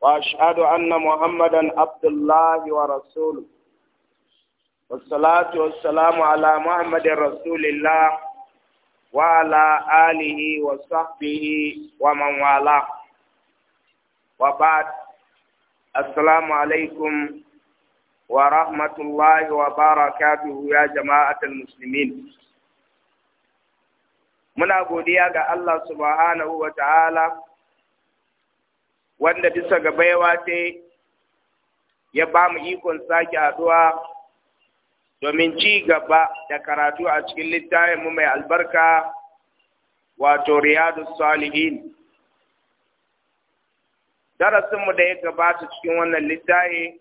وأشهد أن محمدا عبد الله ورسوله والصلاة والسلام على محمد رسول الله وعلى آله وصحبه ومن والاه وبعد السلام عليكم ورحمة الله وبركاته يا جماعة المسلمين muna godiya ga Allah subhanahu wa ta'ala wanda bisa ga baiwa ta ya ba mu ikon sake addu'a domin ci gaba da karatu a cikin littafin mu mai albarka wato riyadu salihin darasinmu da ya gabata cikin wannan littafi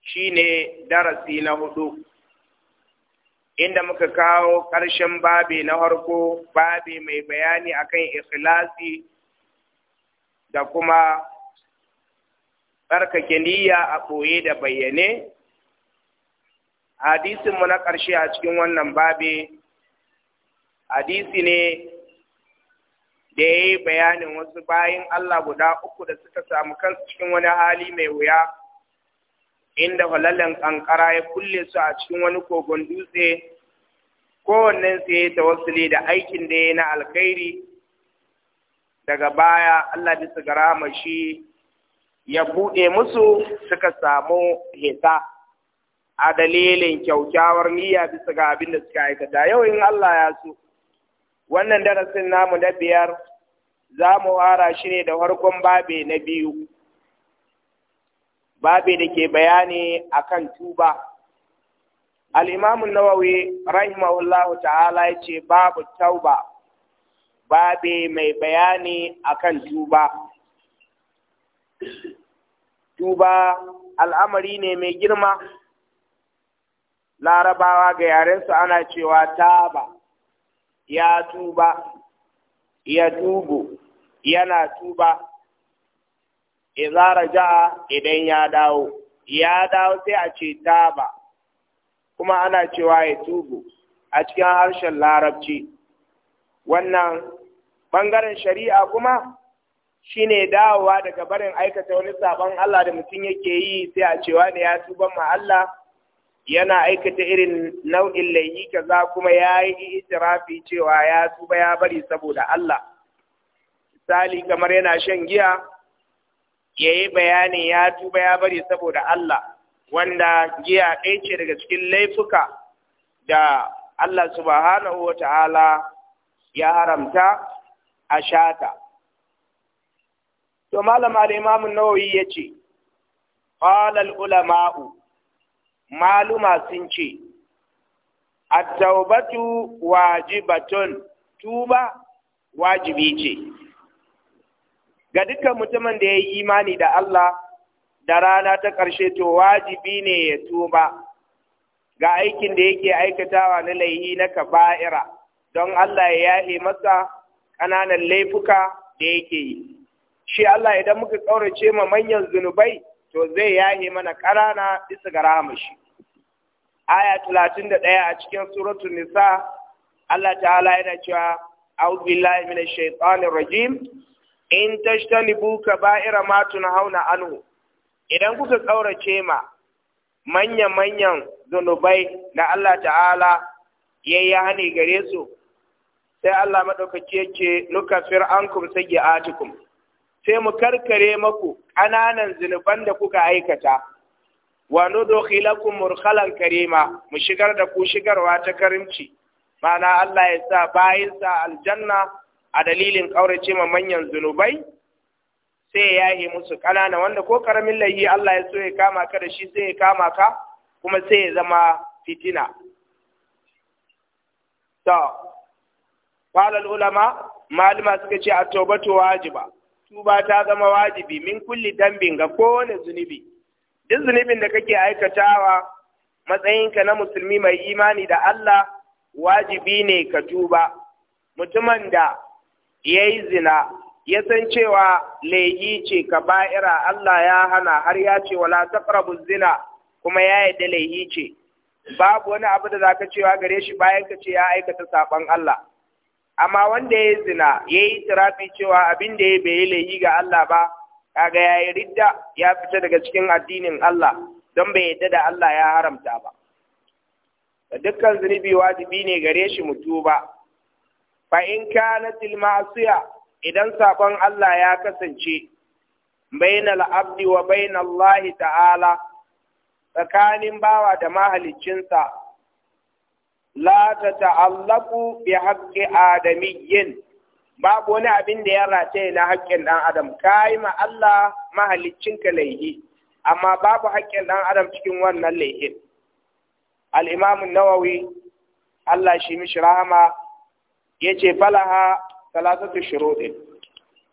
shine darasi na hudu inda muka kawo ƙarshen babi na harko babi mai bayani akan ikhlasi da kuma tsarkake niyya a ɓoye da bayyane hadisinmu na ƙarshe a cikin wannan babe hadisi ne da ya yi bayanin wasu bayan Allah guda uku da suka samu kansu cikin wani hali mai wuya inda falallen kankara ya kulle su a cikin wani kogon dutse kowannen su ya tawassuli da aikin da ya na alkhairi daga baya Allah bisa ga shi ya buɗe musu suka samu heta a dalilin kyaukyawar niyya bisa ga abin da suka aikata yau in Allah ya so wannan darasin namu da biyar za mu wara shi ne da farkon babe na biyu babe da ke bayani akan tuba al-imamu nawawi rahimahullahu ta'ala ya ce babu tauba babe mai bayani akan tuba tuba al'amari ne mai girma larabawa ga yarensu ana cewa taba ya tuba ya tubu yana tuba izara ja idan ya dawo ya dawo sai a ce taba kuma ana cewa ya tubu a cikin harshen larabci wannan ɓangaren shari'a kuma shine dawowa daga barin aikata wani sabon Allah da mutum yake yi sai a cewa ne ya tuban ma Allah yana aikata irin nau'in laifi kaza kuma ya yi itirafi cewa ya tuba ya bari saboda Allah misali kamar yana shan giya ya yi bayanin ya tuba ya bari saboda Allah wanda giya ɗaya ce daga cikin laifuka da Allah subhanahu wa ta'ala ya haramta a shata. To malama da imamun ya ce, ƙalal ulama'u, maluma sun ce, Attaubatu wajibatun tuba wajibi ce, ga dukkan mutumin da ya yi imani da Allah da rana ta ƙarshe to wajibi ne ya tuba ga aikin da yake aikatawa na laihi na kaba'ira. don Allah ya yahe masa ƙananan laifuka da yake yi. Shi Allah idan muka ƙaurace ma manyan zunubai, to zai yahe mana ƙanana bisa ga shi. Aya talatin da ɗaya a cikin suratun Nisa, Allah ta'ala yana cewa, A'udhu billahi minash shaitanir rajim in matu na hau na anu." idan kuka ƙaurace ma manya-manyan zunubai na Allah ta'ala ya yi hane gare su sai Allah maɗaukaki yake nuka nukafir ankum atikum sai mu karkare maku ƙananan zunuban da kuka aikata wa nudkhilakum murkhalan karima mu shigar da ku shigarwa ta karimci mana Allah ya sa bayinsa aljanna a dalilin ƙaurace ma manyan zunubai sai ya yi musu ƙanana wanda ko karamin layi Allah ya so ya kama ka da shi sai ya kama ka kuma sai ya zama fitina. To, qala ulama malama suka ce at-taubatu wajiba tuba ta zama wajibi min kulli dambin ga kowane zunubi duk zunubin da kake aikatawa matsayinka na musulmi mai imani da Allah wajibi ne ka tuba mutumin da ya yi zina ya san cewa laihi ce ka ba'ira Allah ya hana har ya ce wala taqrabu zina kuma ya yadda laihi ce babu wani abu da zaka cewa gare shi bayan ka ce ya aikata sabon Allah amma wanda ya zina ya yi tirafi cewa abin da ya bai laihi ga Allah ba kaga ya yi ridda ya fita daga cikin addinin Allah don bai yadda da Allah ya haramta ba da dukkan zunubi wajibi ne gare shi mutu ba fa in kanat al ma'siya idan sabon Allah ya kasance bainal abdi wa bainal ta'ala tsakanin bawa da mahaliccinsa la ta ta'allaku bi haqqi adamiyyin babu wani abin da ya rataye na haƙƙin ɗan adam kai ma Allah mahaliccinka laihi amma babu haƙƙin ɗan adam cikin wannan laihin al-imam an-nawawi Allah shi mishi rahama yace falaha salatatu shuruɗin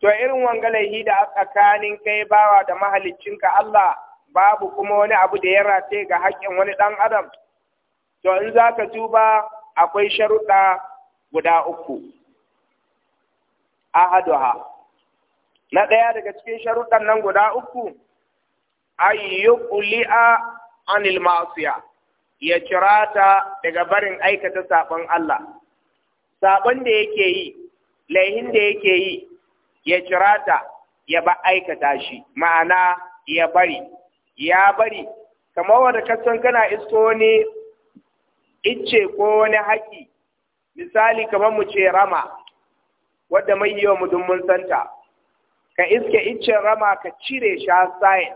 to irin wanga laihi da tsakanin kai bawa da mahaliccinka Allah babu kuma wani abu da ya rataye ga haƙƙin wani ɗan adam to in za ka tuba akwai sharuɗa guda uku ahaduha na ɗaya daga cikin sharuɗan nan guda uku ayyukuli'a anil masiya ya cirata daga barin aikata saɓon Allah saɓon da yake yi laihin da yake yi ya cirata ya ba aikata shi ma'ana ya bari ya bari kamar wanda kasan kana isko ne icce ko wani haƙi misali kamar mu ce rama wadda mai yi wa mutum mun santa ka iske iccen rama ka cire shi a sayin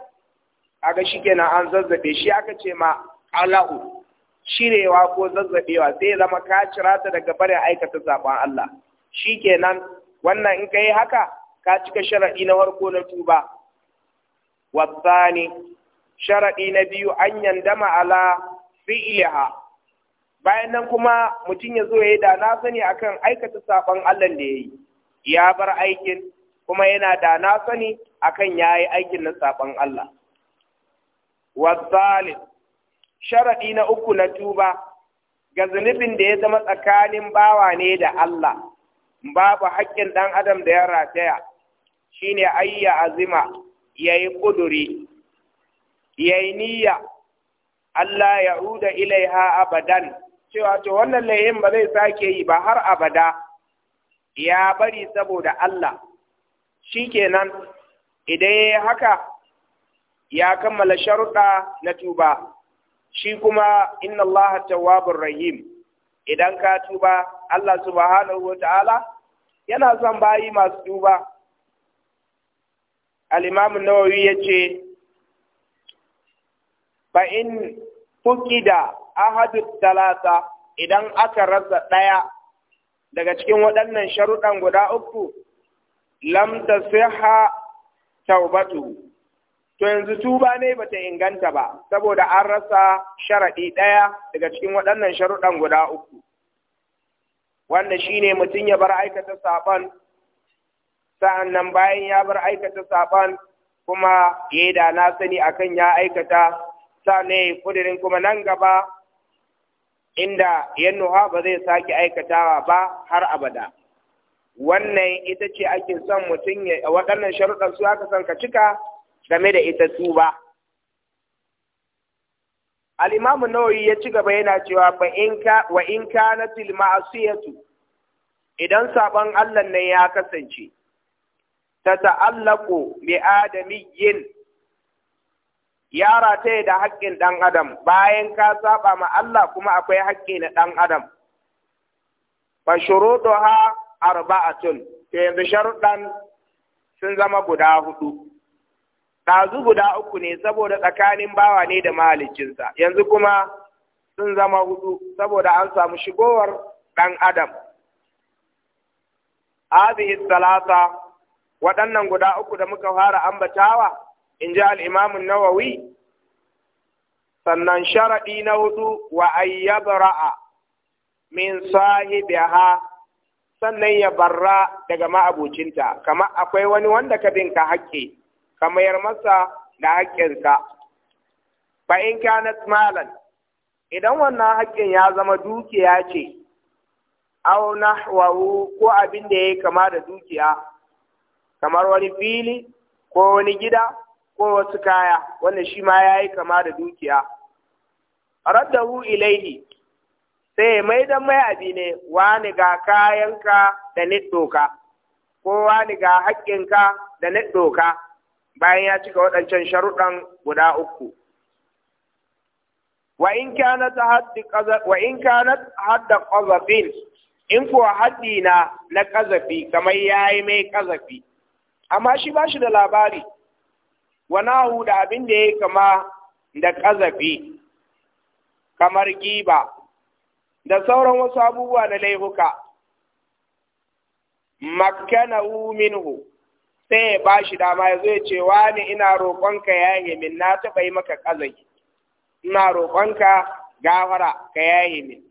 aga shi an zazzabe shi aka ce ma alahu cirewa ko zazzabewa sai zama ka cira ta daga barin aikata zaben Allah shi kenan wannan in ka yi haka ka cika sharaɗi na farko na tuba wasani sharaɗi na biyu an yandama ala fi'liha bayan nan kuma mutum ya zo ya yi da na sani akan aikata saƙon Allah da ya yi ya bar aikin kuma yana da na sani akan ya yi aikin na saƙon Allah wasalin sharaɗi na uku na tuba ga zunubin da ya zama tsakanin bawa ne da Allah babu haƙƙin ɗan adam da ya rataya shine ayya azima ya yi ƙuduri ya yi niyya Allah ya uda ilaiha abadan cewa to wannan laihin ba zai sake yi ba har abada ya bari saboda Allah shi kenan idan ya haka ya kammala sharuɗa na tuba shi kuma inna Allah tawwabur rahim idan ka tuba Allah subhanahu wa ta'ala yana son bayi masu tuba al-imam ya nawawi yace fa in fukida ahadu talata idan aka rasa ɗaya daga cikin waɗannan sharuɗan guda uku lam siha taubatu to yanzu tuba ne bata inganta ba saboda an rasa sharaɗi ɗaya daga cikin waɗannan sharuɗan guda uku wanda shine mutum ya bar aikata saɓon sa'an nan bayan ya bar aikata saɓon kuma ya yi da na sani akan ya aikata sa ne kudirin kuma nan gaba inda yannuha ba zai sake aikatawa ba har abada wannan ita ce ake son mutum ya waɗannan sharuɗan su aka son ka cika game da ita tuba al-imam nawawi ya ci gaba yana cewa ba in ka wa in idan saban Allah ne ya kasance ta ta'allaqu bi adamiyyin ya rataye da haƙƙin ɗan adam bayan ka saba ma Allah kuma akwai haƙƙi na ɗan adam shuruɗo ha arba'atun to yanzu sharuɗan sun zama guda hudu ɗazu guda uku ne saboda tsakanin bawa ne da mahalicinsa yanzu kuma sun zama hudu saboda an samu shigowar ɗan adam hadhihi salasa waɗannan guda uku da muka fara ambatawa in ji al'imamun nawawi sannan sharaɗi na hudu wa ayyabra'a min ha sannan ya barra daga ma'abucinta kama akwai wani wanda ka bin ka haƙƙi ka mayar masa da haƙƙinka Ba in kanat malan idan wannan haƙƙin ya zama dukiya ce aw wawu ko abin da yayi kama da dukiya kamar wani fili ko wani gida ko wasu kaya wannan shi ma ya yi kama da dukiya raddahu ilaihi sai mai dan mai abi ne wani ga kayanka da ni doka ko wani ga haƙƙinka da ni doka bayan ya cika waɗancan sharuɗan guda uku wa in kanat haddi wa in kana hadda in kuwa haddi na na kazafi kamar yayi mai kazafi amma shi bashi da labari wanahu da abin da ya kama da ƙazafi kamar giba da sauran wasu abubuwa na laifuka makkanahu minhu sai ya ba shi dama ya zo ya ce wani ina roƙonka ya min na taɓa yi maka ƙazafi ina roƙonka gafara ka yi min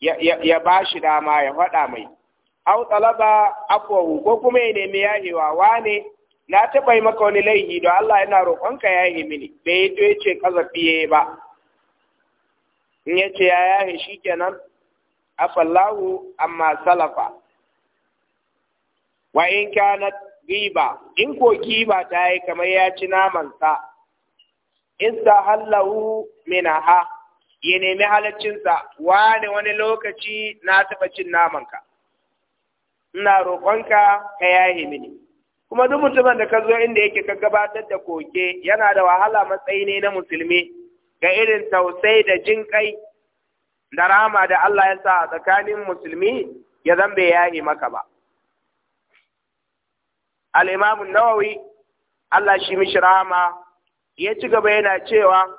ya ba shi dama ya faɗa mai au talaba afwahu ko kuma ya nemi yahewa wane na taɓa yi maka wani laihi don Allah yana roƙonka ya yi mini bai to ya ce ƙasa fiye ba in ya ce ya yahe shi kenan afallahu amma salafa wa in kana riba in ko giba ta yi kamar ya ci namansa In istahallahu minaha ya nemi halaccinsa wane wani lokaci na taɓa cin namanka ina roƙonka ka yaye mini kuma duk mutumin da ka zo inda yake ka gabatar da koke yana da wahala matsayi ne na musulmi ga irin tausai da jin kai da rama da Allah ya sa a tsakanin musulmi ya zan bai yaye maka ba al-imam nawawi Allah shi mishi rama ya ci gaba yana cewa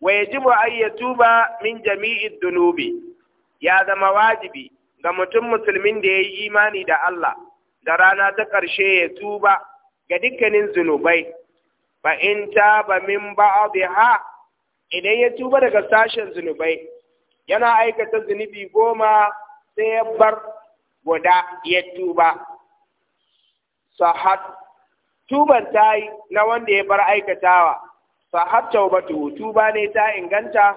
wa yajibu an ba min jami'id dunubi ya zama wajibi ga mutum musulmin da ya yi imani da Allah da rana ta ƙarshe ya tuba ga dukkanin zunubai ba in taba min ba'dha idan ya tuba daga sashen zunubai yana aikata zunubi goma sai ya bar guda ya tuba sahat tuban ta yi na wanda ya bar aikatawa sahat taubatu tuba ne ta inganta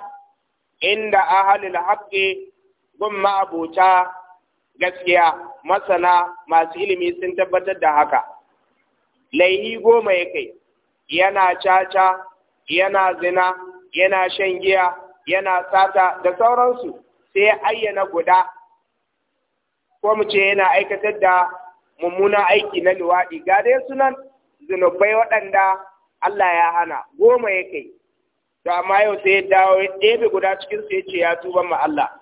inda ahalil haqqi bin ma'abuta gaskiya masana masu ilimi sun tabbatar da haka laihi goma ya kai yana caca yana zina yana shan giya yana sata da sauransu sai ya ayyana guda ko mu ce yana aikatar da mummuna aiki na luwaɗi ga dai sunan zinubai waɗanda Allah ya hana goma ya kai to amma yau sai ya dawo ya ɗebe guda cikinsu ya ce ya tuba ma Allah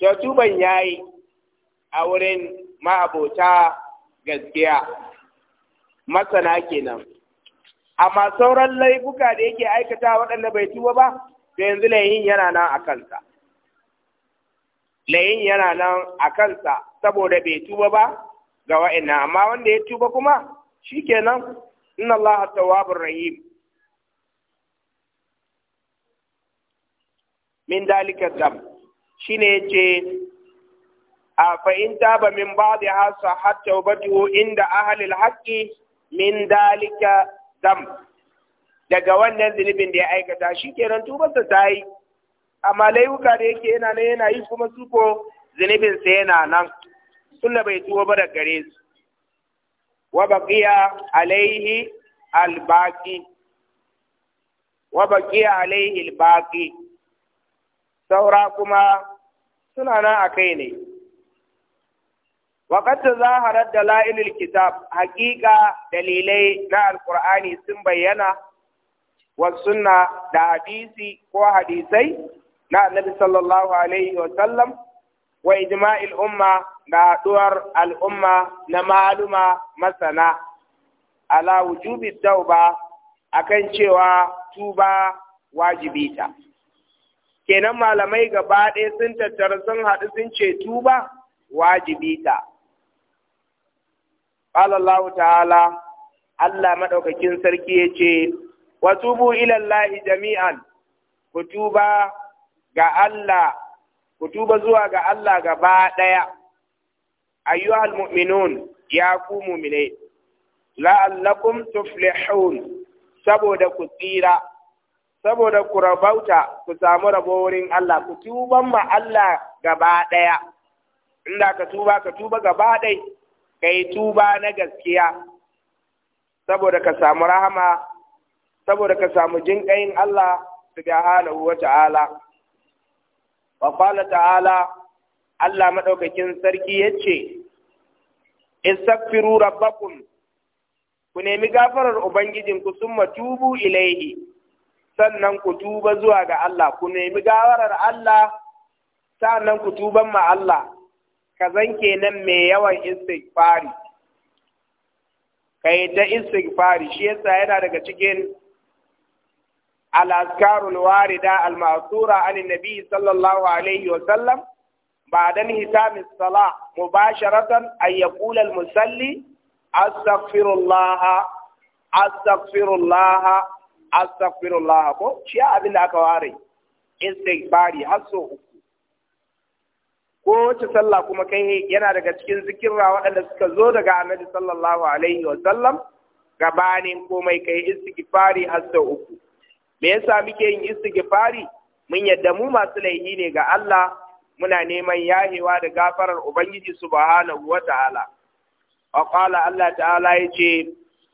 to tuban yayi a wurin ma'abota gaskiya masana kenan amma sauran laifuka da yake aikata waɗanda bai tuba ba to yanzu layin yana nan a kansa layin yana nan a kansa saboda bai tuba ba ga wa'annan amma wanda ya tuba kuma shikenan inna Allah tawwabur rahim min dalika dam shine ce? a fa’in taba min da hasa hatta ubatu inda ahalil haƙƙi min dalika dam daga wannan zunubin da ya aikata shi ke kenan tubarsa ta yi amma laifuka da yake yana nan yana yi kuma su ko yana nan sunna bai tuwo ba da gare su wa baqiya alaihi albaqi wa baqiya alaihi albaqi saura kuma suna nan a kai ne. Wakatta za a harar da la’ilil kitab, hakika dalilai na Alƙur'ani sun bayyana wa suna da hadisi ko hadisai na Annabi Alaihi wasallam wa ijma'il umma da haɗuwar al’umma na maluma masana. Ala wujubi tauba a kan cewa tuba wajibita. kenan malamai gaba ɗaya sun tattara sun haɗu sun ce tuba wajibi ta Allah ta'ala Allah maɗaukakin sarki ya ce wa tubu ilallahi jami'an ku tuba ga Allah ku tuba zuwa ga Allah gaba ɗaya ayyuhal mu'minun ya ku mu'minai la'allakum tuflihun saboda ku tsira saboda ku rabauta ku samu rabo wurin Allah ku tuban ma Allah gaba ɗaya inda ka tuba ka tuba gaba ɗai ka tuba na gaskiya saboda ka samu rahama saboda ka samu jinƙayin Allah subhanahu wa ta'ala wa qala ta'ala Allah madaukakin sarki yace istaghfiru rabbakum ku nemi gafarar ubangijinku summa tubu ilaihi sannan ku tuba zuwa ga Allah ku nemi gawarar Allah sannan ku tuban ma Allah ka zan kenan mai yawan istighfari kai ta istighfari shi yasa yana daga cikin al-azkaru al-warida al-ma'thura an nabi sallallahu alaihi wa sallam بعد انهتام الصلاة مباشرة أن يقول المصلي أستغفر الله أستغفر الله astaghfirullah ko shi abin da aka ware istighfari har so uku ko wace sallah kuma kai yana daga cikin zikirra waɗanda suka zo daga annabi sallallahu alaihi wa sallam gabanin komai kai istighfari har so uku me yasa muke yin istighfari mun yadda mu masu laihi ne ga Allah muna neman yahewa da gafarar ubangiji subhanahu wataala wa qala Allah ta'ala yace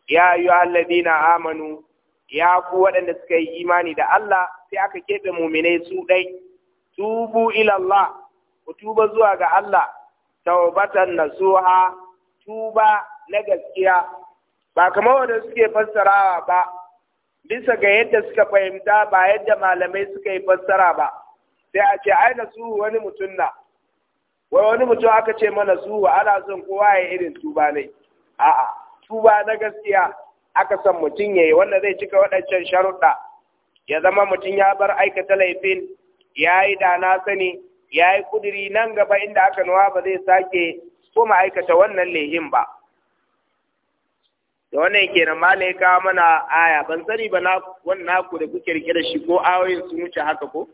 ya ayyuhalladhina amanu ya ku waɗanda suka yi imani da Allah sai aka keɓe muminai su ɗai tubu ilallah Allah ku tuba zuwa ga Allah taubatan nasuha tuba na gaskiya ba kamar wanda suke fassarawa ba bisa ga yadda suka fahimta ba yadda malamai suka yi fassara ba sai a ce ai nasuhu wani mutum na wani mutum aka ce mana suhu ana son kowa ya irin tuba ne a'a tuba na gaskiya aka san mutum ya yi wanda zai cika waɗancan sharuɗa ya zama mutum ya bar aikata laifin ya yi da na sani ya yi kudiri nan gaba inda aka nuwa ba zai sake kuma aikata wannan lehin ba da wannan kenan mala ya kawo mana aya ban sani ba na wannan naku da kuke rike da shi ko ayoyin sun wuce haka ko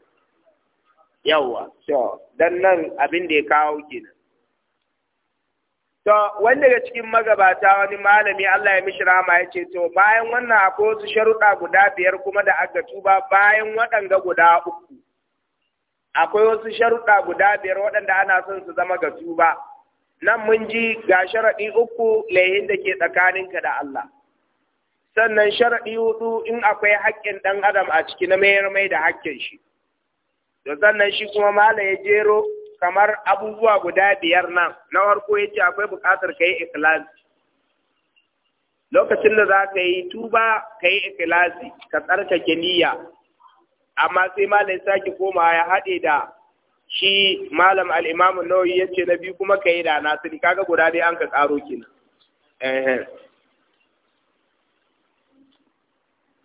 yawwa to dan nan abin da ya kawo kenan To, wani daga cikin magabata wani malami Allah ya mishi rama ya ce, To, bayan wannan akwai wasu sharuɗa guda biyar kuma da aka tuba bayan waɗanga guda uku. Akwai wasu sharuɗa guda biyar waɗanda ana son su zama ga tuba. Nan mun ji ga sharaɗi uku layin da ke tsakaninka da Allah. Sannan sharaɗi hudu in akwai haƙƙin ɗan adam a ciki na mayar mai da haƙƙin shi. To sannan shi kuma malam ya jero kamar abubuwa guda biyar nan na farko yace akwai buƙatar kai ikhlasi lokacin da za ka yi tuba ka yi ikhlasi ka tsarkake kiniya, amma sai malam sake koma ya haɗe da shi malam al-imamu nawawi yace na biyu kuma ka yi da nasiri kaga guda dai an ka karo kenan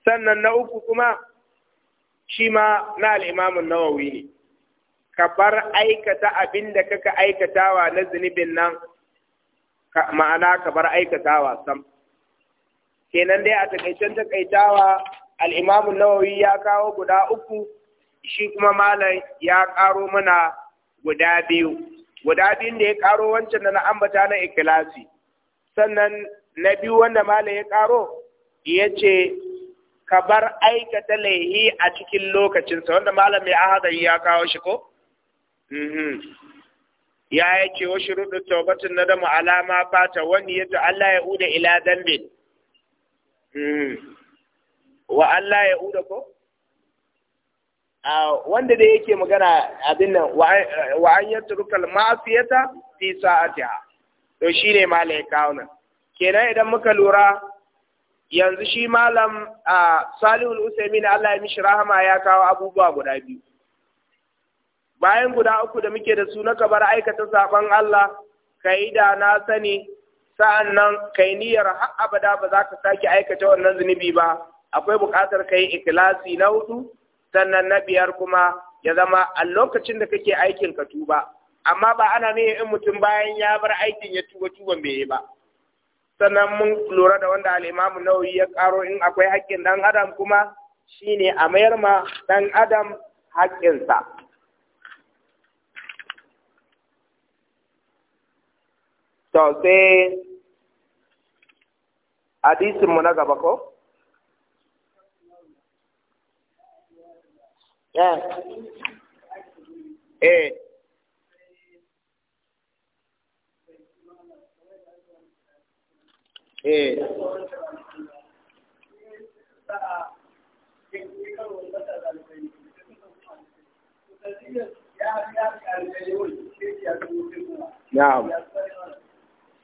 sannan na uku kuma shi ma na al nawawi ka bar aikata abin da kaka aikatawa na zunubin nan ma'ana ka bar aikatawa sam kenan dai a takaicen takaitawa al'imamun nawawi ya kawo guda uku shi kuma malam ya karo mana guda biyu guda biyun da ya karo wancan da na ambata na ikilasi sannan na biyu wanda malam ya karo ya ce ka bar aikata laihi a cikin lokacinsa wanda malam mai ahadari ya kawo shi ko Mhm. ya ce wa shirudu taubatin na damu alama fata wani yadda Allah ya uda ila dambe mhm. wa Allah ya uda ko wanda da yake magana abin nan wa an yatruka al-ma'siyata fi ha to ne malai kawo nan kenan idan muka lura yanzu shi malam Salihul na Allah ya mishi rahama ya kawo abubuwa guda biyu bayan guda uku da muke da su na ka bar aikata saban Allah ka yi da na sani sa'an nan ka yi niyyar har abada ba za ka sake aikata wannan zunubi ba akwai buƙatar ka yi ikilasi na hudu sannan na biyar kuma ya zama a lokacin da kake aikin ka tuba amma ba ana ne in mutum bayan ya bar aikin ya tuba tuban bai yi ba sannan mun lura da wanda al'imamu nawawi ya karo in akwai haƙƙin dan adam kuma shine a mayar ma dan adam haƙƙinsa to sai hadisinmu na gaba ko? eh eh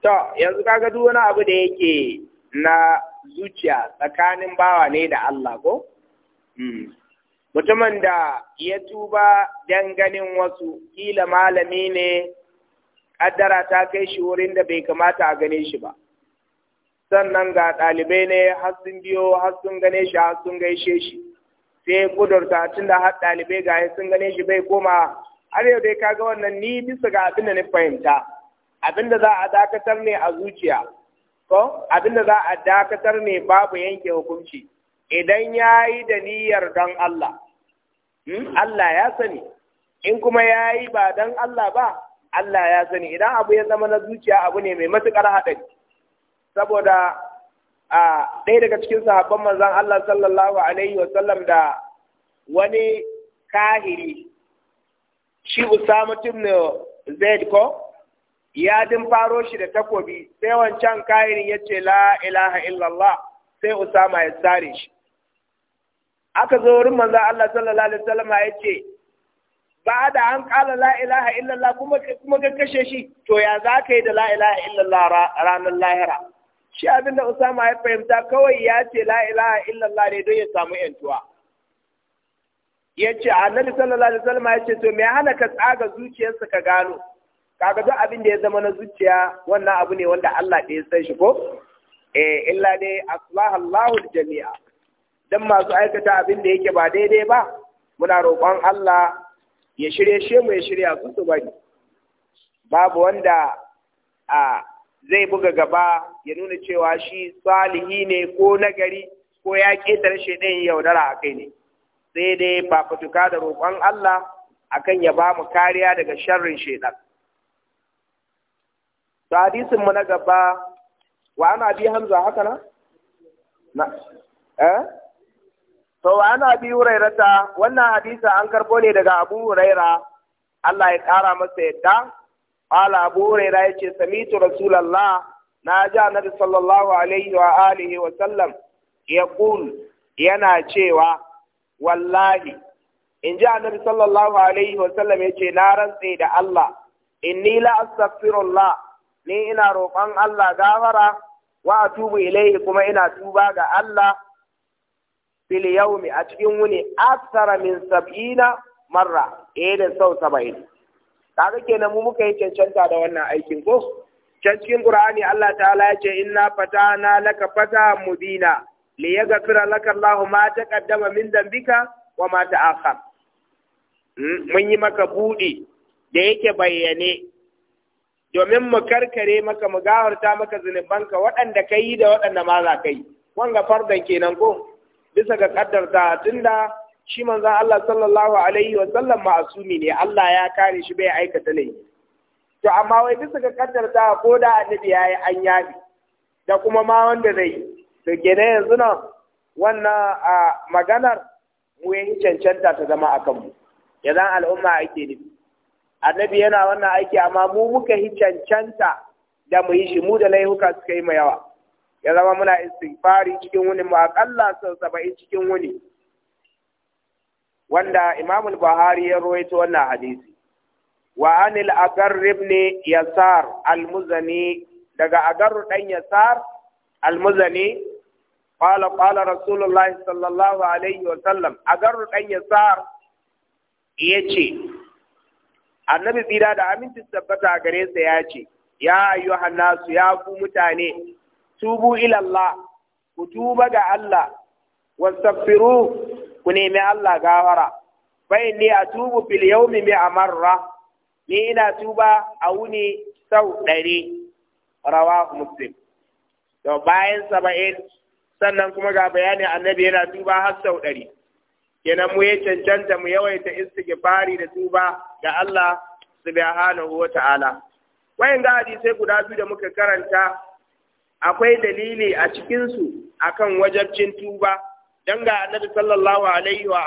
To, yanzu kaga duk wani abu da yake na zuciya tsakanin bawa ne da Allah ko? Hmm. Mutumin da ya tuba don ganin wasu kila malami ne, ƙaddara ta kai shi wurin da bai kamata a gane shi ba. Sannan ga ɗalibai ne har sun biyo har sun gane shi har sun gaishe shi. Sai kudurta tun da har ɗalibai ga sun gane shi bai koma har yau dai kaga wannan ni bisa ga abin da ni fahimta. abinda za a dakatar ne a zuciya ko abinda za a dakatar ne babu yanke hukunci idan ya yi da niyyar don Allah hmm? Allah ya sani in kuma ya yi ba dan Allah ba Allah ya sani idan abu ya zama na zuciya abu ne mai matuƙar haɗari saboda a ɗaya daga cikin sahabban manzon Allah sallallahu alaihi wa sallam da wani kahiri shi Usama ibn Zaid ko ya din faro shi da takobi sai wancan kayin ya ce la ilaha illallah sai usama ya tsare shi aka zo wurin manzo Allah sallallahu alaihi wasallam ya ce ba da an kala la ilaha illallah kuma kuma ka kashe shi to ya za ka yi da la ilaha illallah ranar lahira shi abin da usama ya fahimta kawai ya ce la ilaha illallah ne don ya samu yantuwa ya ce annabi sallallahu alaihi wasallam ya ce to me hana ka tsaga zuciyarsa ka gano kaga duk abin da ya zama na zuciya wannan abu ne wanda Allah ɗaya san shi ko eh illa dai aslahallahu jami'a dan masu aikata abin da yake ba daidai ba muna roƙon Allah ya shirye shi mu ya shirya su su bari babu wanda a zai buga gaba ya nuna cewa shi salihi ne ko nagari ko ya ƙetare shi ɗin yaudara a kai ne sai dai fafutuka da roƙon Allah akan ya ba mu kariya daga sharrin shaidan to hadisin mu na gaba wa ana bi hamza haka na na eh to wa ana bi hurairata wannan hadisa an karbo ne daga abu huraira Allah ya kara masa yadda ala abu huraira yace samitu rasulullah na ji annabi sallallahu alaihi wa alihi wa sallam ya yaqul yana cewa wallahi in ji annabi sallallahu alaihi wa sallam yace na rantse da Allah inni la astaghfirullah ni ina roƙon Allah gafara wa tubu ilaihi kuma ina tuba ga Allah fil yaumi a cikin wuni aksara min sab'ina marra irin sau saba'in kaga kenan mu muka yi cancanta da wannan aikin ko can cikin qur'ani Allah ta'ala ya ce inna fatana laka fata mubina li yaghfira laka Allahu ma taqaddama min dambika wa ma ta'akhkhar hmm, mun yi maka buɗe da yake bayyane domin mu karkare maka mu gawarta maka zunubanka waɗanda ka yi da waɗanda ma za ka yi wanga fardan kenan ko bisa ga ta. tunda shi manzon Allah sallallahu alaihi wa sallam ma'asumi ne Allah ya kare shi bai aikata ne. to amma wai bisa ga ta ko da annabi yayi an yafi? da kuma ma wanda zai to gene yanzu nan wannan maganar mu yi cancanta ta zama a mu yanzu al'umma ake nufi annabi yana wannan aiki amma mu muka hi cancanta da mu yi shi mu da laihuka suka yi yawa ya zama muna istighfari cikin wuni mu akalla sau saba'in cikin wuni wanda imamul Buhari ya rawaito wannan hadisi wa anil agar ibn yasar al daga agar dan yasar al qala qala rasulullahi sallallahu alaihi wa sallam agar dan yasar yace annabi tsira da aminci tabbata gare sa ya ce ya ayyuhan nasu ya ku mutane tubu ilallah ku tuba ga Allah wastaghfiru ku nemi Allah gawara fa inni atubu fil yawmi a marra ni ina tuba a wuni sau ɗari rawahu muslim to bayan saba'in sannan kuma ga bayani annabi yana tuba har sau ɗari kenan mu ya cancanta mu yawaita istighfari da tuba ga Allah subhanahu wa ta'ala wayan ga sai guda biyu da muka karanta akwai dalili a cikinsu su akan wajabcin tuba dan ga annabi sallallahu alaihi wa,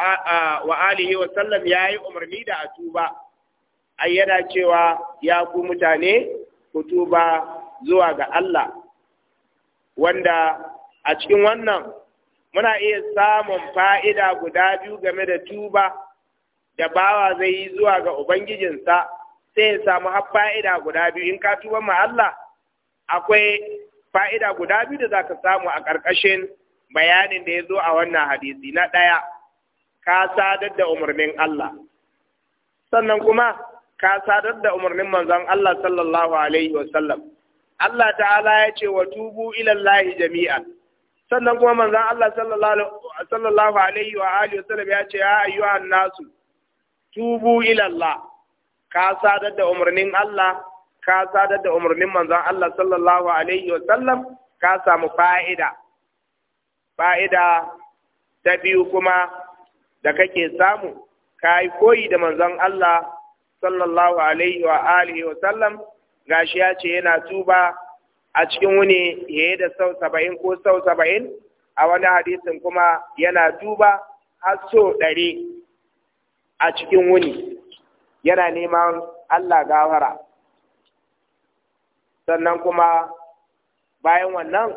wa alihi wa sallam yayi umarni da a tuba ai yana cewa ya ku mutane ku tuba zuwa ga Allah wanda a cikin wannan muna iya samun fa'ida guda biyu game da tuba da bawa zai yi zuwa ga Ubangijinsa sai ya samu har fa'ida guda biyu in ka tuba ma Allah akwai fa'ida guda biyu da za ka samu a ƙarƙashin bayanin da ya zo a wannan hadisi na ɗaya ka sadar da umarnin Allah sannan kuma ka sadar da umarnin manzon Allah sallallahu alaihi wasallam Allah ta'ala ya ce wa tubu ilallahi jami'an sannan kuma manzan Allah sallallahu alaihi wa alihi wasallam ya ce ya ayyuhan nasu tubu ila Allah ka sadar da umarnin Allah ka sadar da umarnin manzan Allah sallallahu alaihi sallam ka samu fa'ida fa'ida ta biyu kuma da kake samu ka yi koyi da manzan Allah sallallahu alaihi wa alihi ga gashi ya ce yana tuba a cikin wuni yayi da sau saba'in ko sau saba'in a wani hadisin kuma yana duba har so ɗari a cikin wuni yana neman Allah gawara sannan kuma bayan wannan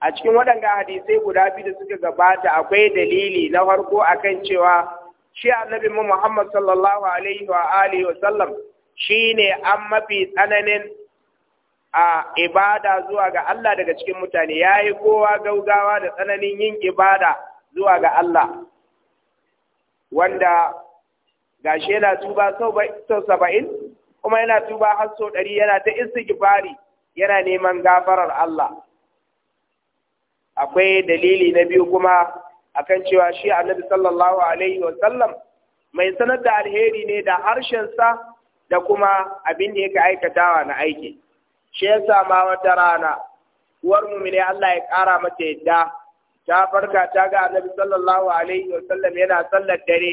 a cikin waɗanda hadisai guda biyu da suka gabata akwai dalili na farko akan cewa shi annabi Muhammad sallallahu alaihi wa alihi wa sallam shine an mafi tsananin a ibada zuwa ga Allah daga cikin mutane ya yi kowa gaugawa da tsananin yin ibada zuwa ga Allah wanda ga shi yana tuba sau saba'in kuma yana tuba har sau ɗari yana ta istighfari yana neman gafarar Allah akwai dalili na biyu kuma akan cewa shi annabi sallallahu alaihi wa mai sanar da alheri ne da harshensa da kuma abin da yake aikatawa na aiki. shi yasa ma wata rana uwar ne Allah ya kara mata yadda ta farka ta ga annabi sallallahu alaihi wa sallam yana sallar dare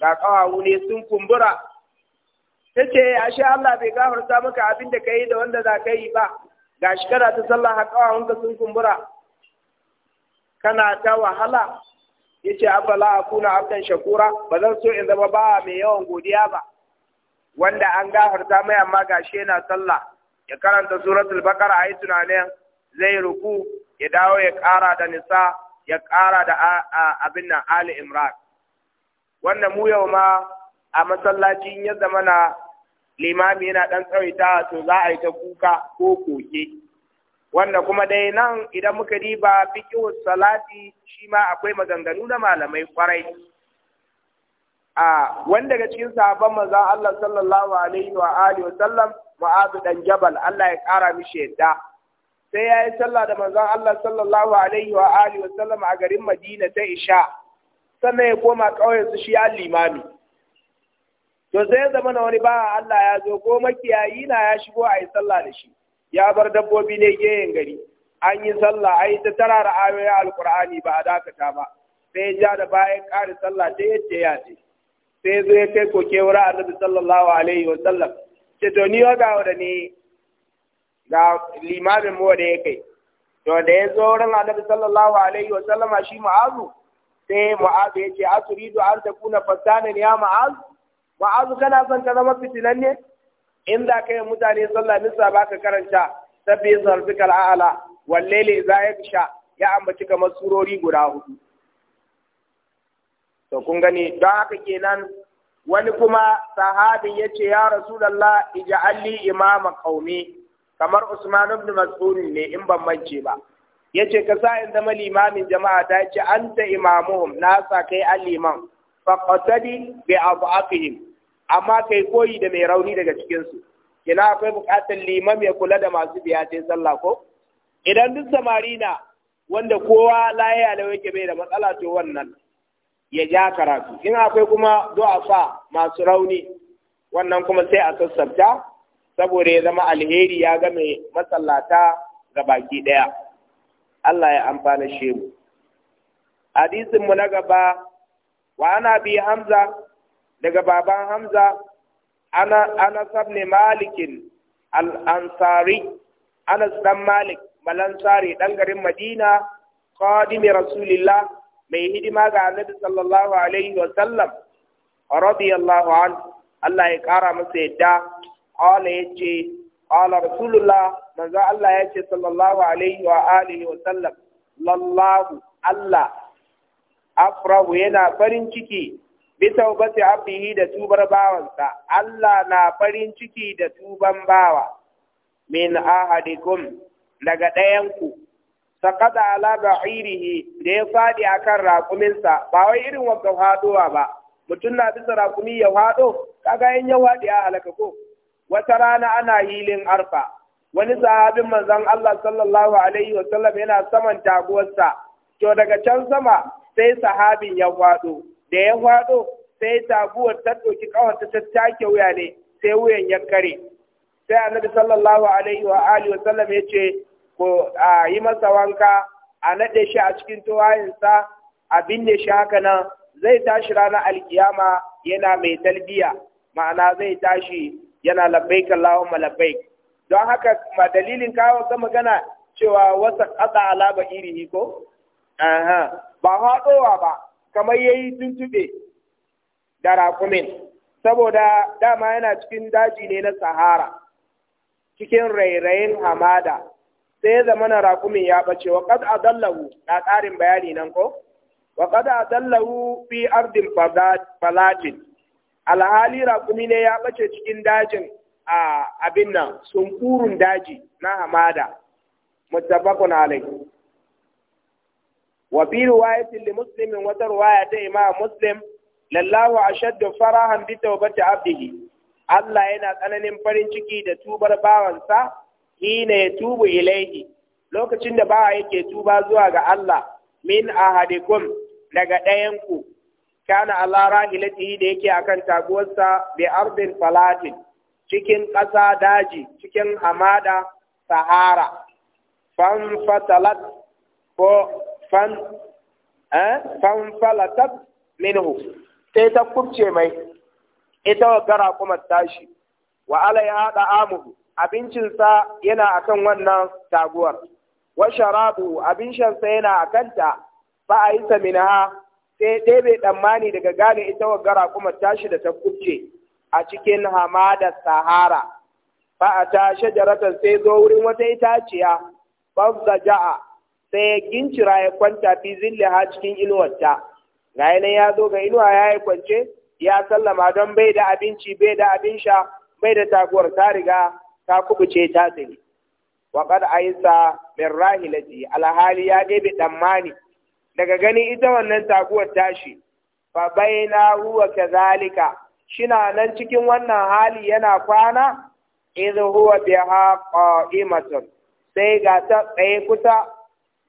ga kawawu ne sun kumbura Ta tace ashe Allah bai gafarta maka abin da kai da wanda za ka yi ba gashi kana ta sallah har ka sun kumbura kana ta wahala Ya yace a akuna abdan shakura ba zan so in zama ba mai yawan godiya ba wanda an gafarta mai amma gashi yana sallah ya karanta suratul bakara ayi tunanin zai ruku ya dawo ya ƙara da nisa ya ƙara da abin nan ali imran wannan mu yau ma a masallaci ya zama na limami yana ɗan tsawaita to za a yi ta kuka ko koke wanda kuma dai nan idan muka diba fiqhu salati shi ma akwai maganganu na malamai kwarai a wani daga cikin sahabban manzon Allah sallallahu alaihi wa alihi wasallam Mu'adh dan Jabal Allah ya kara mishi yadda sai yayi sallah da manzon Allah sallallahu alaihi wa alihi wasallam a garin Madina ta Isha sannan ya koma ƙauyen su shi limami to sai ya zama na wani ba Allah ya zo ko makiyayi na ya shigo a yi sallah da shi ya bar dabbobi ne gehen gari an yi sallah ai ta tarara ayoyin alkur'ani ba a dakata ba sai ya ja da bayan ƙari sallah ta yadda ya ce sai zo ya kai koke wurin annabi sallallahu alaihi wa sallam ce to ni ga wanda ne ga limamin mu da ya kai to da ya zo wurin annabi sallallahu alaihi wa sallam shi mu'azu sai mu'azu ya ce turidu an kuna fasanan ya mu'azu mu'azu kana son ka zama fitinan ne in za ka yi mutane sallah nisa ba ka karanta sabbi zalbikal a'ala wallaili za ya sha ya ambaci kamar surori guda hudu to kun gani don haka kenan wani kuma sahabi ya ce ya rasulallah ija'alli imama qaumi kamar usman ibn mas'ud ne in ban mance ba yace ka sa in zama limamin jama'a ta ce anta imamuhum na sa kai al faqtadi bi adafihim amma kai koyi da mai rauni daga cikin su ina akwai bukatar limam ya kula da masu biya ta sallah ko idan duk samari na wanda kowa laye alawa yake bai da matsala to wannan ya ja karatu in akwai kuma du'afa masu rauni wannan kuma sai a sassabta saboda ya zama alheri ya game masallata ga baki ɗaya Allah ya amfana shi mu hadisin mu na gaba wa ana bi hamza daga baban hamza ana ana sabne malikin al-ansari anas dan malik malansari dan garin madina qadimi rasulillah mai hidima ga annabi sallallahu alaihi wa sallam radiyallahu an Allah ya kara masa yadda qala yace qala rasulullah manzo Allah yace sallallahu alaihi wa alihi wa sallam lallahu Allah afrahu yana farin ciki bi taubati abdihi da tubar bawansa Allah na farin ciki da tuban bawa min ahadikum daga ku. saqada ala ba'irihi da ya fadi akan raƙuminsa ba wai irin wanda faduwa ba mutum na bisa raƙumi ya haɗo kaga in ya wadi a halaka ko wata rana ana hilin arfa wani sahabin manzon Allah sallallahu alaihi wa sallam yana saman taguwarsa to daga can sama sai sahabin ya hado da ya fado sai taguwar ta ɗauki ƙawanta ta tattake wuya ne sai wuyan ya kare sai annabi sallallahu alaihi wa alihi wa sallam ya ce ko a yi masa wanka a naɗe shi a cikin tuwayensa a binne shi haka nan zai tashi ranar alkiyama yana mai talbiya ma'ana zai tashi yana labbaik Allahumma labbaik don haka ma dalilin kawo ta magana cewa wasa alaba iri ne, ko aha ba haɗowa ba kamar ya yi tuntube da raƙumin saboda dama yana cikin daji ne na Sahara cikin rairayin hamada sai zamana raƙumin ya ɓace wa qad adallahu na ƙarin bayani nan ko wa qad adallahu fi ardin falatin alhali raƙumi ne ya ɓace cikin dajin a abin nan sunkurun daji na hamada muttafaqun alai wa fi riwayatin li muslimin wata riwaya ta ima muslim lallahu ashaddu farahan bi tawbati abdihi Allah yana tsananin farin ciki da tubar bawansa hina ya tubu ilaihi lokacin da bawa yake tuba zuwa ga Allah min ahadikum daga ɗayanku kana Allah rahilatihi da yake kan taguwarsa bi ardin falatin cikin ƙasa daji cikin hamada sahara fan fatalat ko fan eh, minhu sai ta kubce mai ita wa gara kuma tashi wa alaiha da amuhu abincinsa yana akan wannan taguwar wa sharabu abin yana a kanta ba a yi saminaha sai ɗebe tsammani daga gane ita gara kuma tashi da ta kubce a cikin hamada sahara ba a ta shajaratar sai zo wurin wata itaciya bazza ja'a sai ya gincira ya kwanta fi ha cikin inuwarta ga ya zo ga inuwa ya yi kwance ya sallama don bai da abinci bai da abin sha bai da taguwar ta riga ta kubuce ta tsini wa qad aisa min rahilati alhali ya ɗebe tsammani daga gani ita wannan takuwar tashi fa baina huwa kadhalika shina nan cikin wannan hali yana kwana idh huwa biha qa'imatun sai ga ta tsaye kusa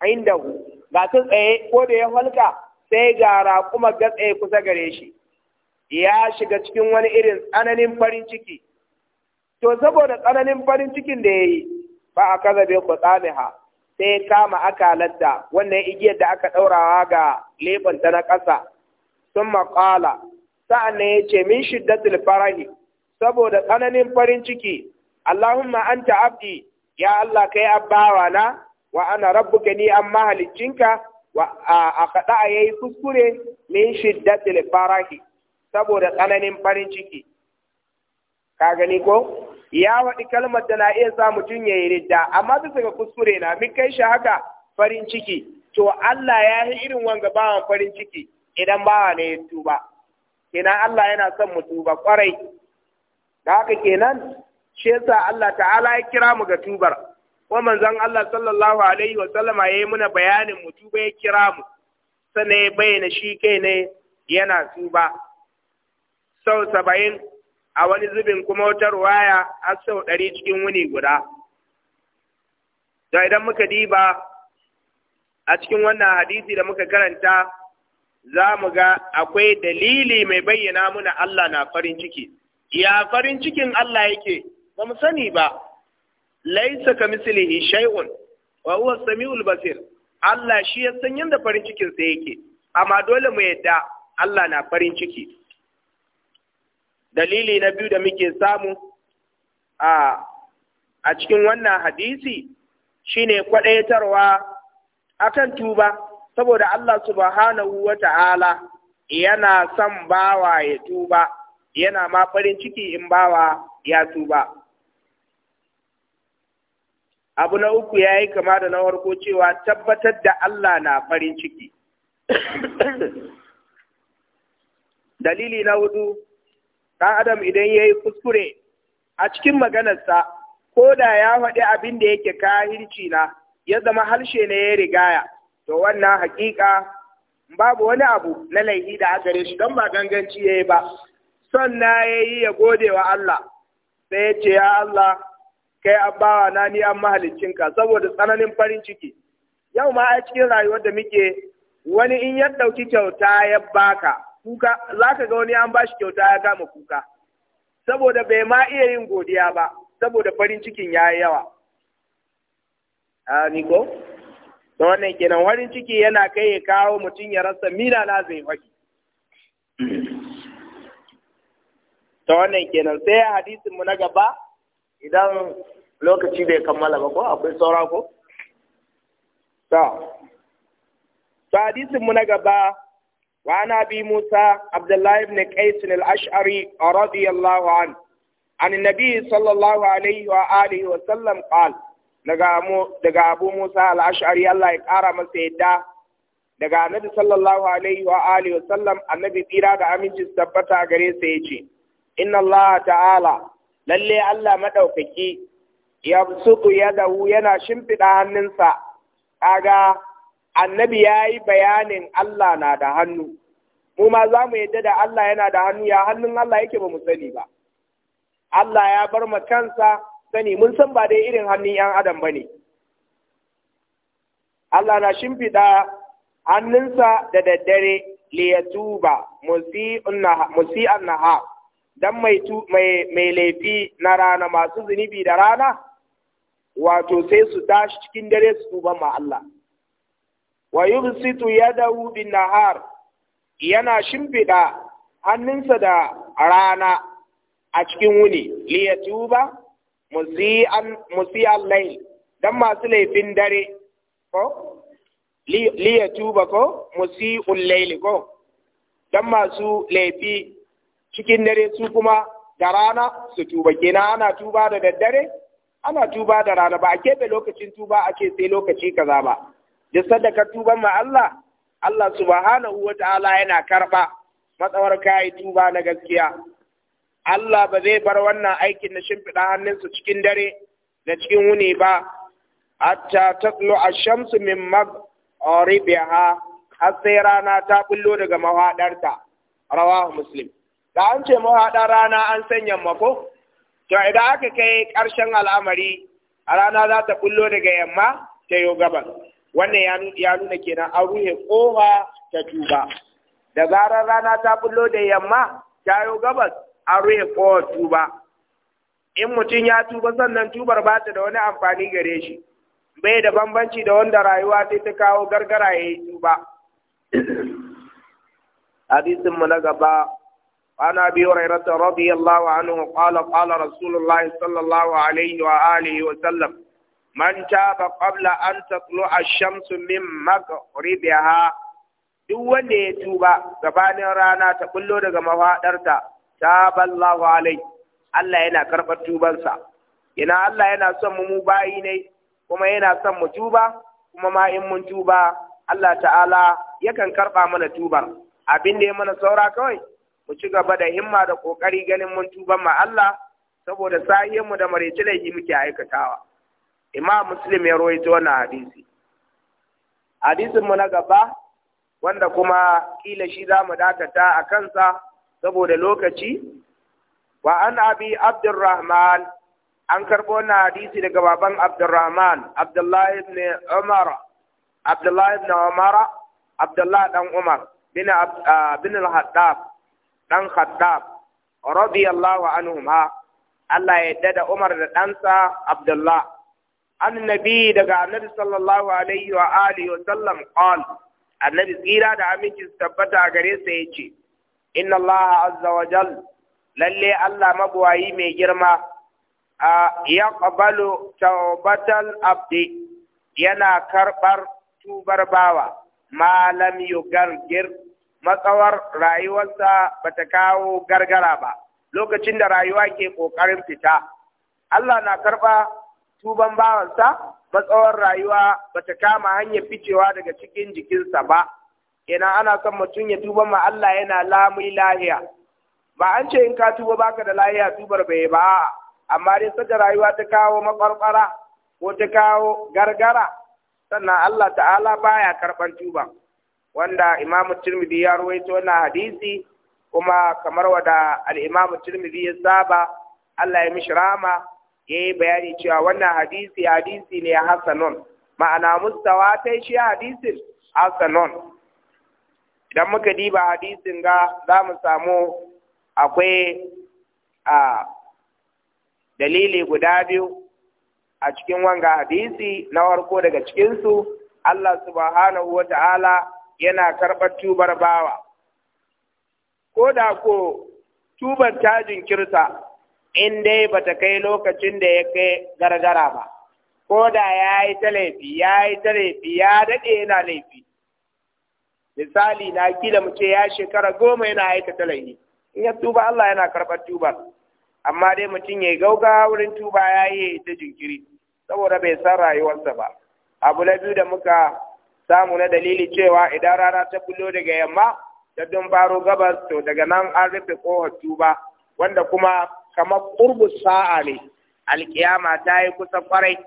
indahu ga ta tsaye ko da ya halka sai ga kuma ga tsaye kusa gare shi ya shiga cikin wani irin tsananin farin ciki to saboda tsananin farin cikin da yayi kaza bai ku tsamiha, sai ya kama akalarta wannan igiyar da aka ɗaurawa ga leɓen ta na ƙasa sun maƙala sa'an ya ce min shiddatul farahi saboda tsananin farin ciki Allahumma an abdi ya Allah kai abbawa na wa ana rabbuka ni an mahalicinka wa a kaɗa a yayi kuskure min shiddatul farahi saboda tsananin farin ciki ka gani ko ya waɗi kalmar da na iya sa mutum ya yi ridda amma bisa daga kuskure na min kai shi haka farin ciki to Allah ya yi irin wanga bawan farin ciki idan bawa ne ya tuba kenan Allah yana son mu tuba kwarai da haka kenan shi yasa Allah ta'ala ya kira mu ga tubar ko manzon Allah sallallahu alaihi wa sallama ya yi muna bayanin mu tuba ya kira mu sannan ya bayyana shi kai ne yana tuba sau saba'in a wani zubin kuma wata ruwaya har sau ɗari cikin wuni guda. Da idan muka diba a cikin wannan hadisi da muka karanta za mu ga akwai dalili mai bayyana muna Allah na farin ciki. Ya farin cikin Allah yake, ba mu sani ba, laisa ka mislihi shay'un wa huwa samiul basir. Allah shi ya san yadda farin cikinsa yake, amma dole mu yadda Allah na farin ciki. dalili na biyu da muke samu a a cikin wannan hadisi shine kwadaitarwa akan tuba saboda Allah subhanahu wata'ala yana son bawa ya tuba yana ma farin ciki in bawa ya tuba abu na uku ya yi kama da na farko cewa tabbatar da Allah na farin ciki dalili na hudu ɗan adam idan ya yi kuskure a cikin maganarsa ko da ya faɗi abin da yake kahirci na ya zama harshe na ya rigaya to wannan haƙiƙa babu wani abu na laihi da aka gare shi don ba ganganci ya yi ba son na ya yi ya gode wa Allah sai ya ce ya Allah kai abawa na ni an mahalicinka saboda tsananin farin ciki yau ma a cikin rayuwar da muke wani in ya ɗauki kyauta ya baka kuka za ka ga wani an ba shi kyauta ya gama kuka saboda bai ma iya yin godiya ba saboda farin cikin ya yi yawa a niko da wannan kenan farin ciki yana kai ya kawo mutum ya rasa mina na zai faɗi ta wannan kenan sai hadisin mu na gaba idan lokaci bai kammala ba ko akwai saura ko ta mu na gaba وعن أبي موسى عبد الله بن قيس الأشعري رضي الله عنه عن النبي صلى الله عليه وآله وسلم قال daga abu musa al'ashari Allah ya ƙara masa yadda daga annabi sallallahu alaihi wa wa sallam annabi tsira da aminci su tabbata gare sa ya ce inna Allah ta'ala lalle Allah maɗaukaki ya ya dahu yana shimfiɗa hannunsa kaga annabi ya yi bayanin Allah na da hannu mu ma za mu yadda da Allah yana da hannu ya hannun Allah yake ba mu sani ba Allah ya bar ma kansa sani mun san ba dai irin hannun ‘yan adam ba ne Allah na shimfiɗa hannunsa da daddare liyatuba musi'an naha don mai laifi na rana masu zunubi da rana wato sai su tashi cikin dare su tuba ma Allah wa yubsitu yadahu bin nahar yana shimfiɗa hannunsa da rana a cikin wuni liyatuba yatuba musian musian masu laifin dare ko liyatuba ko musiul layl ko dan masu laifi cikin dare su kuma da rana su tuba kenan ana tuba da daddare ana tuba da rana ba a keɓe lokacin tuba a sai lokaci kaza ba Da sadaka tuba ma Allah Allah subhanahu wa ta'ala yana karɓa matsawar kayi tuba na gaskiya Allah ba zai bar wannan aikin na shimfiɗa hannunsa cikin dare da cikin wuni ba hatta ash-shamsu min maghribiha har sai rana ta bullo daga mahadarta rawahu muslim da an ce mahadar rana an sanya mako to idan aka kai ƙarshen al'amari a rana za ta bullo daga yamma ta yo gabas wannan ya nuna kenan an ruhe kowa ta tuba da zarar rana ta bullo da yamma ta yi gabas an ruhe kowa tuba in mutum ya tuba sannan tubar ba ta da wani amfani gare shi bai da bambanci da wanda rayuwa sai ta kawo gargara ya yi tuba hadisin mu na gaba عن ابي هريره رضي الله عنه قال قال رسول الله صلى الله عليه واله وسلم man taba qabla an tatlu ash-shamsu min maghribiha duk wanda ya tuba gabanin rana ta kullo daga mafadarta taballahu alai Allah yana karɓar tubansa ina Allah yana son mu mu bayi ne kuma yana son mu tuba kuma ma in mun tuba Allah ta'ala yakan karɓa mana tubar abin da ya mana saura kawai mu ci gaba da himma da ƙoƙari ganin mun tuban ma Allah saboda sahiyanmu da mareci muke aikatawa. imam muslim ya rawaito wannan hadisi hadisin mu na gaba wanda kuma kila shi za mu dakata a kansa saboda lokaci wa an abi abdurrahman an karbo wannan hadisi daga baban abdurrahman abdullahi ibn umar abdullahi ibn umar abdullahi dan umar bin ah, bin al-hattab dan khattab radiyallahu anhuma Allah ya dada da Umar da ɗansa Abdullah annabi daga annabi sallallahu alaihi wa alihi wa sallam qal annabi tsira da aminci su tabbata gare sa yace inna Allah azza wa jal lalle Allah mabwayi mai girma a yaqbalu tawbatal abdi yana karbar tubar bawa malam yugargir matsawar rayuwarsa bata kawo gargara ba lokacin da rayuwa ke ƙoƙarin fita Allah na karba tuban bawansa matsawar rayuwa bata kama hanyar ficewa daga cikin jikinsa ba kenan ana son mutum ya tuba ma Allah yana lamun lahiya ba an ce in ka tuba baka da lahiya tubar bai ba amma dai saka rayuwa ta kawo makwarkwara ko ta kawo gargara sannan Allah ta'ala baya karban tuba wanda imamu Tirmidhi ya ruwaito wannan hadisi kuma kamar wada al Tirmidhi ya saba Allah ya mishi rama ya yi bayani cewa wannan hadisi hadisi ne hasanun ma'ana mustawa ta shi hadisin Hassanun. idan muka diba hadisin ga za mu samu akwai a dalili guda biyu a cikin wanga hadisi na farko daga cikinsu Allah subhanahu wa ta'ala yana karɓar tubar bawa ko da ko tubar ta jinkirta in dai bata kai lokacin da ya kai gargara ba ko da ya yi ta laifi ya yi ta laifi ya daɗe yana laifi misali na kila mu ce ya shekara goma yana aikata laifi in ya tuba Allah yana karɓar tubar amma dai mutum ya gauga wurin tuba ya yi ta jinkiri saboda bai san rayuwarsa ba abu na biyu da muka samu na dalili cewa idan rana ta kullo daga yamma ta dumbaro gabas to daga nan an rufe kohar tuba wanda kuma kamar ƙurbus sa'a ne alƙiyama ta yi kusa kwarai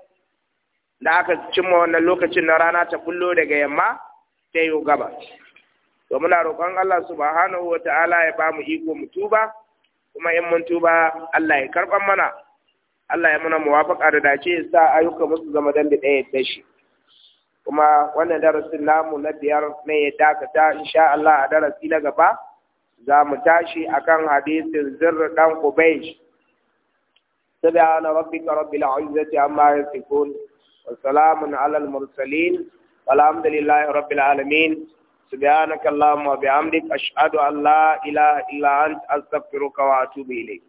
da aka cimma wannan lokacin na rana ta kullo daga yamma ta yi gaba to muna roƙon Allah subhanahu wata'ala ya ba mu iko mu tuba kuma in mun tuba Allah ya karɓar mana Allah ya muna muwafaƙa da dace ya sa ayyuka musu zama dan da ɗaya da shi kuma wannan darasin namu na biyar ne ya dakata insha Allah a darasi na gaba za mu tashi kan hadisin zirra ɗan ƙubaiji. Sabi a wani rabbi ka rabbi la'ayyar zai ya ma ya fi kun, wasalamun alal mursalin, alhamdulillah ya rabbi la'alamin, sabi a wani kallon mabi amdik, ashadu Allah ila ila an astagfiru kawatu bilik.